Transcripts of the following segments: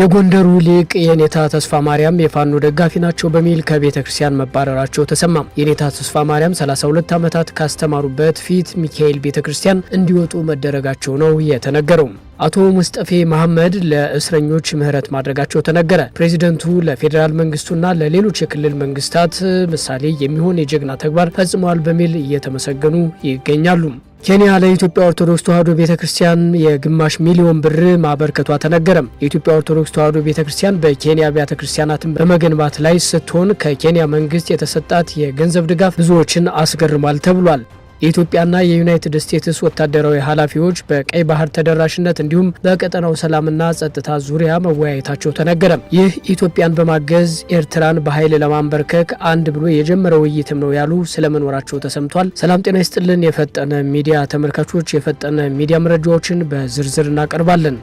የጎንደሩ ሊቅ የኔታ ተስፋ ማርያም የፋኖ ደጋፊ ናቸው በሚል ከቤተ ክርስቲያን መባረራቸው ተሰማ። የኔታ ተስፋ ማርያም 32 ዓመታት ካስተማሩበት ፊት ሚካኤል ቤተ ክርስቲያን እንዲወጡ መደረጋቸው ነው የተነገረው። አቶ ሙስጠፌ መሐመድ ለእስረኞች ምህረት ማድረጋቸው ተነገረ። ፕሬዚደንቱ ለፌዴራል መንግስቱና ለሌሎች የክልል መንግስታት ምሳሌ የሚሆን የጀግና ተግባር ፈጽመዋል በሚል እየተመሰገኑ ይገኛሉ። ኬንያ ለኢትዮጵያ ኦርቶዶክስ ተዋሕዶ ቤተ ክርስቲያን የግማሽ ሚሊዮን ብር ማበርከቷ ተነገረም። የኢትዮጵያ ኦርቶዶክስ ተዋሕዶ ቤተ ክርስቲያን በኬንያ ቤተ ክርስቲያናትን በመገንባት ላይ ስትሆን ከኬንያ መንግስት የተሰጣት የገንዘብ ድጋፍ ብዙዎችን አስገርሟል ተብሏል። የኢትዮጵያና የዩናይትድ ስቴትስ ወታደራዊ ኃላፊዎች በቀይ ባህር ተደራሽነት እንዲሁም በቀጠናው ሰላምና ጸጥታ ዙሪያ መወያየታቸው ተነገረ። ይህ ኢትዮጵያን በማገዝ ኤርትራን በኃይል ለማንበርከክ አንድ ብሎ የጀመረ ውይይትም ነው ያሉ ስለመኖራቸው ተሰምቷል። ሰላም ጤና ይስጥልን። የፈጠነ ሚዲያ ተመልካቾች፣ የፈጠነ ሚዲያ መረጃዎችን በዝርዝር እናቀርባለን።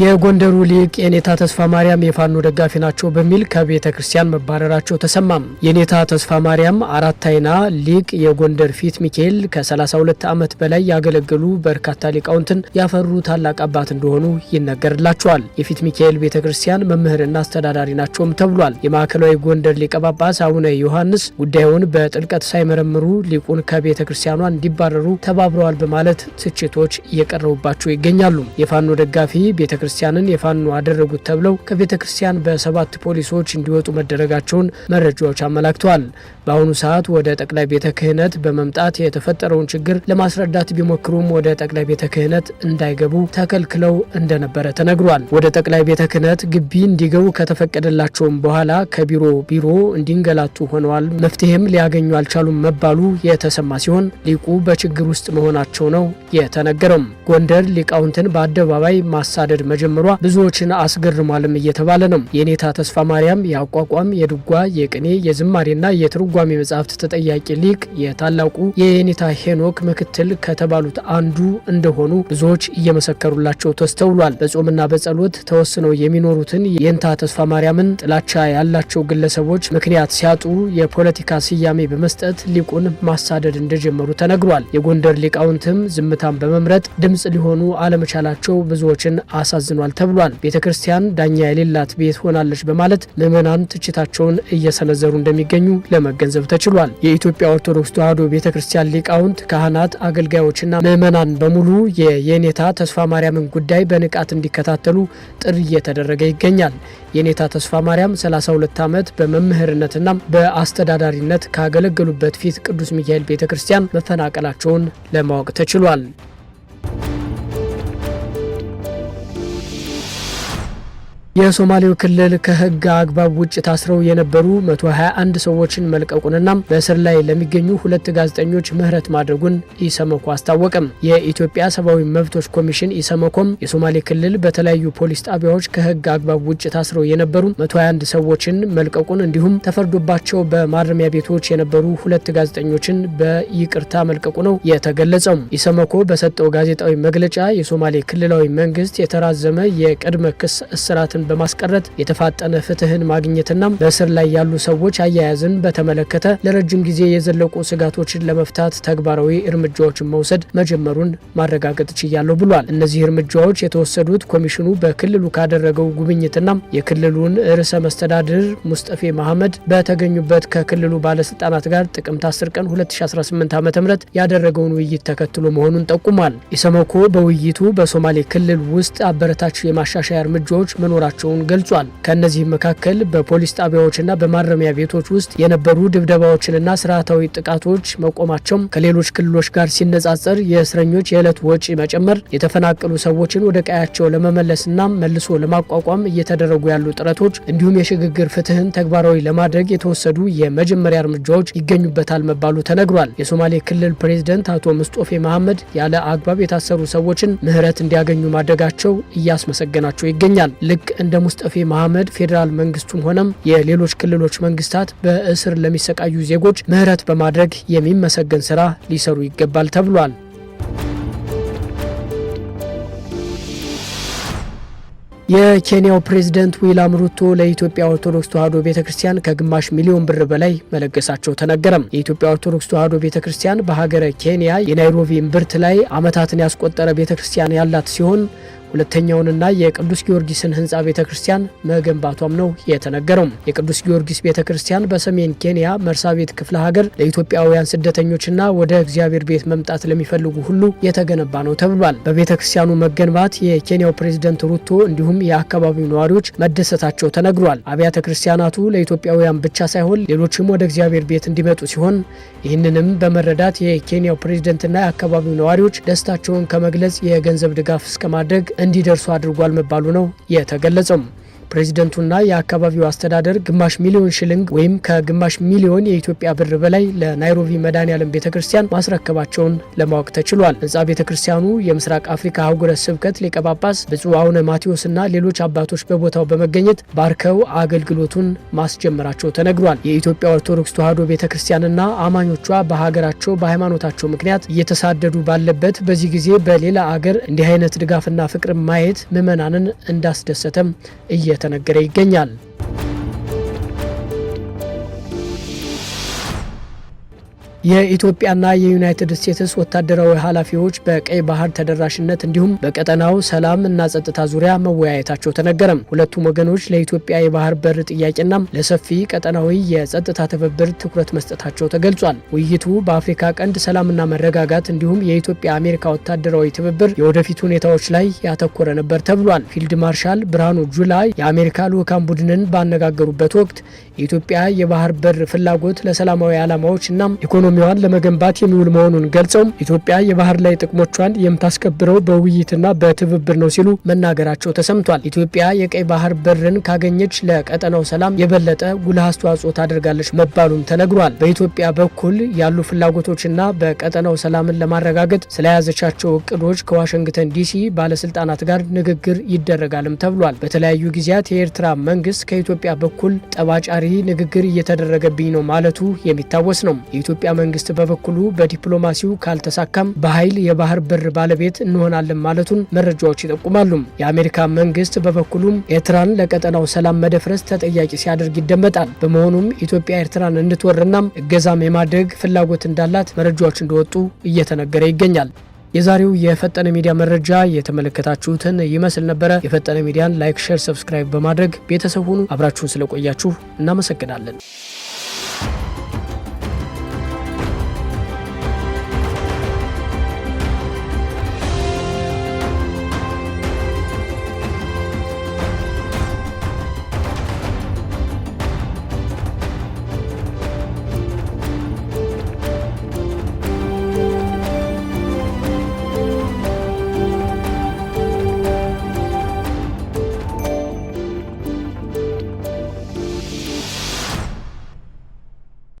የጎንደሩ ሊቅ የኔታ ተስፋ ማርያም የፋኖ ደጋፊ ናቸው በሚል ከቤተ ክርስቲያን መባረራቸው ተሰማም። የኔታ ተስፋ ማርያም አራት አይና ሊቅ የጎንደር ፊት ሚካኤል ከ32 ዓመት በላይ ያገለገሉ በርካታ ሊቃውንትን ያፈሩ ታላቅ አባት እንደሆኑ ይነገርላቸዋል። የፊት ሚካኤል ቤተ ክርስቲያን መምህርና አስተዳዳሪ ናቸውም ተብሏል። የማዕከላዊ ጎንደር ሊቀ ጳጳስ አቡነ ዮሐንስ ጉዳዩን በጥልቀት ሳይመረምሩ ሊቁን ከቤተ ክርስቲያኗ እንዲባረሩ ተባብረዋል በማለት ትችቶች እየቀረቡባቸው ይገኛሉ። የፋኖ ደጋፊ ቤተ ክርስቲያንን የፋኖ አደረጉት ተብለው ከቤተ ክርስቲያን በሰባት ፖሊሶች እንዲወጡ መደረጋቸውን መረጃዎች አመላክተዋል። በአሁኑ ሰዓት ወደ ጠቅላይ ቤተ ክህነት በመምጣት የተፈጠረውን ችግር ለማስረዳት ቢሞክሩም ወደ ጠቅላይ ቤተ ክህነት እንዳይገቡ ተከልክለው እንደነበረ ተነግሯል። ወደ ጠቅላይ ቤተ ክህነት ግቢ እንዲገቡ ከተፈቀደላቸውም በኋላ ከቢሮ ቢሮ እንዲንገላቱ ሆነዋል። መፍትሄም ሊያገኙ አልቻሉም መባሉ የተሰማ ሲሆን ሊቁ በችግር ውስጥ መሆናቸው ነው የተነገረም። ጎንደር ሊቃውንትን በአደባባይ ማሳደድ መጀመሯ ብዙዎችን አስገርሟልም እየተባለ ነው። የኔታ ተስፋ ማርያም የአቋቋም፣ የድጓ፣ የቅኔ፣ የዝማሬና የትርጓሜ መጽሐፍት ተጠያቂ ሊቅ የታላቁ የኔታ ሄኖክ ምክትል ከተባሉት አንዱ እንደሆኑ ብዙዎች እየመሰከሩላቸው ተስተውሏል። በጾምና በጸሎት ተወስነው የሚኖሩትን የኔታ ተስፋ ማርያምን ጥላቻ ያላቸው ግለሰቦች ምክንያት ሲያጡ የፖለቲካ ስያሜ በመስጠት ሊቁን ማሳደድ እንደጀመሩ ተነግሯል። የጎንደር ሊቃውንትም ዝምታን በመምረጥ ድምጽ ሊሆኑ አለመቻላቸው ብዙዎችን አሳ አሳዝኗል ተብሏል። ቤተ ክርስቲያን ዳኛ የሌላት ቤት ሆናለች በማለት ምዕመናን ትችታቸውን እየሰነዘሩ እንደሚገኙ ለመገንዘብ ተችሏል። የኢትዮጵያ ኦርቶዶክስ ተዋሕዶ ቤተ ክርስቲያን ሊቃውንት፣ ካህናት፣ አገልጋዮችና ምዕመናን በሙሉ የየኔታ ተስፋ ማርያምን ጉዳይ በንቃት እንዲከታተሉ ጥሪ እየተደረገ ይገኛል። የኔታ ተስፋ ማርያም 32 ዓመት በመምህርነትና በአስተዳዳሪነት ካገለገሉበት ፊት ቅዱስ ሚካኤል ቤተ ክርስቲያን መፈናቀላቸውን ለማወቅ ተችሏል። የሶማሌው ክልል ከህግ አግባብ ውጭ ታስረው የነበሩ 121 ሰዎችን መልቀቁንና በእስር ላይ ለሚገኙ ሁለት ጋዜጠኞች ምህረት ማድረጉን ኢሰመኮ አስታወቀም። የኢትዮጵያ ሰብአዊ መብቶች ኮሚሽን ኢሰመኮም የሶማሌ ክልል በተለያዩ ፖሊስ ጣቢያዎች ከህግ አግባብ ውጭ ታስረው የነበሩ 121 ሰዎችን መልቀቁን እንዲሁም ተፈርዶባቸው በማረሚያ ቤቶች የነበሩ ሁለት ጋዜጠኞችን በይቅርታ መልቀቁ ነው የተገለጸው። ኢሰመኮ በሰጠው ጋዜጣዊ መግለጫ የሶማሌ ክልላዊ መንግስት የተራዘመ የቅድመ ክስ እስራትን ሰዎችን በማስቀረት የተፋጠነ ፍትህን ማግኘትና በእስር ላይ ያሉ ሰዎች አያያዝን በተመለከተ ለረጅም ጊዜ የዘለቁ ስጋቶችን ለመፍታት ተግባራዊ እርምጃዎችን መውሰድ መጀመሩን ማረጋገጥ ችያለሁ ብሏል። እነዚህ እርምጃዎች የተወሰዱት ኮሚሽኑ በክልሉ ካደረገው ጉብኝትና የክልሉን ርዕሰ መስተዳድር ሙስጠፌ መሐመድ በተገኙበት ከክልሉ ባለስልጣናት ጋር ጥቅምት 10 ቀን 2018 ዓ ም ያደረገውን ውይይት ተከትሎ መሆኑን ጠቁሟል። ኢሰመኮ በውይይቱ በሶማሌ ክልል ውስጥ አበረታች የማሻሻያ እርምጃዎች መኖራቸው መኖራቸውን ገልጿል። ከእነዚህም መካከል በፖሊስ ጣቢያዎችና በማረሚያ ቤቶች ውስጥ የነበሩ ድብደባዎችንና ስርዓታዊ ጥቃቶች መቆማቸውም ከሌሎች ክልሎች ጋር ሲነጻጸር የእስረኞች የዕለት ወጪ መጨመር የተፈናቀሉ ሰዎችን ወደ ቀያቸው ለመመለስና መልሶ ለማቋቋም እየተደረጉ ያሉ ጥረቶች እንዲሁም የሽግግር ፍትህን ተግባራዊ ለማድረግ የተወሰዱ የመጀመሪያ እርምጃዎች ይገኙበታል መባሉ ተነግሯል። የሶማሌ ክልል ፕሬዝደንት አቶ ምስጦፌ መሐመድ ያለ አግባብ የታሰሩ ሰዎችን ምህረት እንዲያገኙ ማድረጋቸው እያስመሰገናቸው ይገኛል። ልክ እንደ ሙስጠፌ መሐመድ ፌዴራል መንግስቱም ሆነም የሌሎች ክልሎች መንግስታት በእስር ለሚሰቃዩ ዜጎች ምህረት በማድረግ የሚመሰገን ስራ ሊሰሩ ይገባል ተብሏል። የኬንያው ፕሬዝደንት ዊላም ሩቶ ለኢትዮጵያ ኦርቶዶክስ ተዋሕዶ ቤተ ክርስቲያን ከግማሽ ሚሊዮን ብር በላይ መለገሳቸው ተነገረም። የኢትዮጵያ ኦርቶዶክስ ተዋሕዶ ቤተ ክርስቲያን በሀገረ ኬንያ የናይሮቢ እምብርት ላይ አመታትን ያስቆጠረ ቤተ ክርስቲያን ያላት ሲሆን ሁለተኛውንና የቅዱስ ጊዮርጊስን ህንፃ ቤተ ክርስቲያን መገንባቷም ነው የተነገረው። የቅዱስ ጊዮርጊስ ቤተ ክርስቲያን በሰሜን ኬንያ መርሳቤት ክፍለ ሀገር ለኢትዮጵያውያን ስደተኞችና ወደ እግዚአብሔር ቤት መምጣት ለሚፈልጉ ሁሉ የተገነባ ነው ተብሏል። በቤተ ክርስቲያኑ መገንባት የኬንያው ፕሬዝደንት ሩቶ እንዲሁም የአካባቢው ነዋሪዎች መደሰታቸው ተነግሯል። አብያተ ክርስቲያናቱ ለኢትዮጵያውያን ብቻ ሳይሆን ሌሎችም ወደ እግዚአብሔር ቤት እንዲመጡ ሲሆን ይህንንም በመረዳት የኬንያው ፕሬዝደንትና የአካባቢው ነዋሪዎች ደስታቸውን ከመግለጽ የገንዘብ ድጋፍ እስከ ማድረግ እንዲደርሱ አድርጓል መባሉ ነው የተገለጸው። ፕሬዚደንቱና የአካባቢው አስተዳደር ግማሽ ሚሊዮን ሽልንግ ወይም ከግማሽ ሚሊዮን የኢትዮጵያ ብር በላይ ለናይሮቢ መድኃኔዓለም ቤተ ክርስቲያን ማስረከባቸውን ለማወቅ ተችሏል። ህንፃ ቤተ ክርስቲያኑ የምስራቅ አፍሪካ አህጉረ ስብከት ሊቀ ጳጳስ ብፁዕ አቡነ ማቴዎስና ሌሎች አባቶች በቦታው በመገኘት ባርከው አገልግሎቱን ማስጀመራቸው ተነግሯል። የኢትዮጵያ ኦርቶዶክስ ተዋሕዶ ቤተ ክርስቲያንና አማኞቿ በሀገራቸው በሃይማኖታቸው ምክንያት እየተሳደዱ ባለበት በዚህ ጊዜ በሌላ አገር እንዲህ አይነት ድጋፍና ፍቅር ማየት ምዕመናንን እንዳስደሰተም እየ እየተነገረ ይገኛል። የኢትዮጵያና የዩናይትድ ስቴትስ ወታደራዊ ኃላፊዎች በቀይ ባህር ተደራሽነት እንዲሁም በቀጠናው ሰላም እና ጸጥታ ዙሪያ መወያየታቸው ተነገረም። ሁለቱም ወገኖች ለኢትዮጵያ የባህር በር ጥያቄና ለሰፊ ቀጠናዊ የጸጥታ ትብብር ትኩረት መስጠታቸው ተገልጿል። ውይይቱ በአፍሪካ ቀንድ ሰላምና መረጋጋት እንዲሁም የኢትዮጵያ አሜሪካ ወታደራዊ ትብብር የወደፊት ሁኔታዎች ላይ ያተኮረ ነበር ተብሏል። ፊልድ ማርሻል ብርሃኑ ጁላ የአሜሪካ ልዑካን ቡድንን ባነጋገሩበት ወቅት የኢትዮጵያ የባህር በር ፍላጎት ለሰላማዊ ዓላማዎች እና ኢኮኖሚ ኢኮኖሚዋን ለመገንባት የሚውል መሆኑን ገልጸውም ኢትዮጵያ የባህር ላይ ጥቅሞቿን የምታስከብረው በውይይትና በትብብር ነው ሲሉ መናገራቸው ተሰምቷል። ኢትዮጵያ የቀይ ባህር በርን ካገኘች ለቀጠናው ሰላም የበለጠ ጉልህ አስተዋጽኦ ታደርጋለች መባሉም ተነግሯል። በኢትዮጵያ በኩል ያሉ ፍላጎቶችና በቀጠናው ሰላምን ለማረጋገጥ ስለያዘቻቸው እቅዶች ከዋሽንግተን ዲሲ ባለስልጣናት ጋር ንግግር ይደረጋልም ተብሏል። በተለያዩ ጊዜያት የኤርትራ መንግስት ከኢትዮጵያ በኩል ጠባጫሪ ንግግር እየተደረገብኝ ነው ማለቱ የሚታወስ ነው። የኢትዮጵያ መንግስት በበኩሉ በዲፕሎማሲው ካልተሳካም በኃይል የባህር በር ባለቤት እንሆናለን ማለቱን መረጃዎች ይጠቁማሉ። የአሜሪካ መንግስት በበኩሉም ኤርትራን ለቀጠናው ሰላም መደፍረስ ተጠያቂ ሲያደርግ ይደመጣል። በመሆኑም ኢትዮጵያ ኤርትራን እንድትወርናም እገዛም የማድረግ ፍላጎት እንዳላት መረጃዎች እንደወጡ እየተነገረ ይገኛል። የዛሬው የፈጠነ ሚዲያ መረጃ የተመለከታችሁትን ይመስል ነበረ። የፈጠነ ሚዲያን ላይክ፣ ሼር፣ ሰብስክራይብ በማድረግ ቤተሰብ ሁኑ። አብራችሁን ስለቆያችሁ እናመሰግናለን።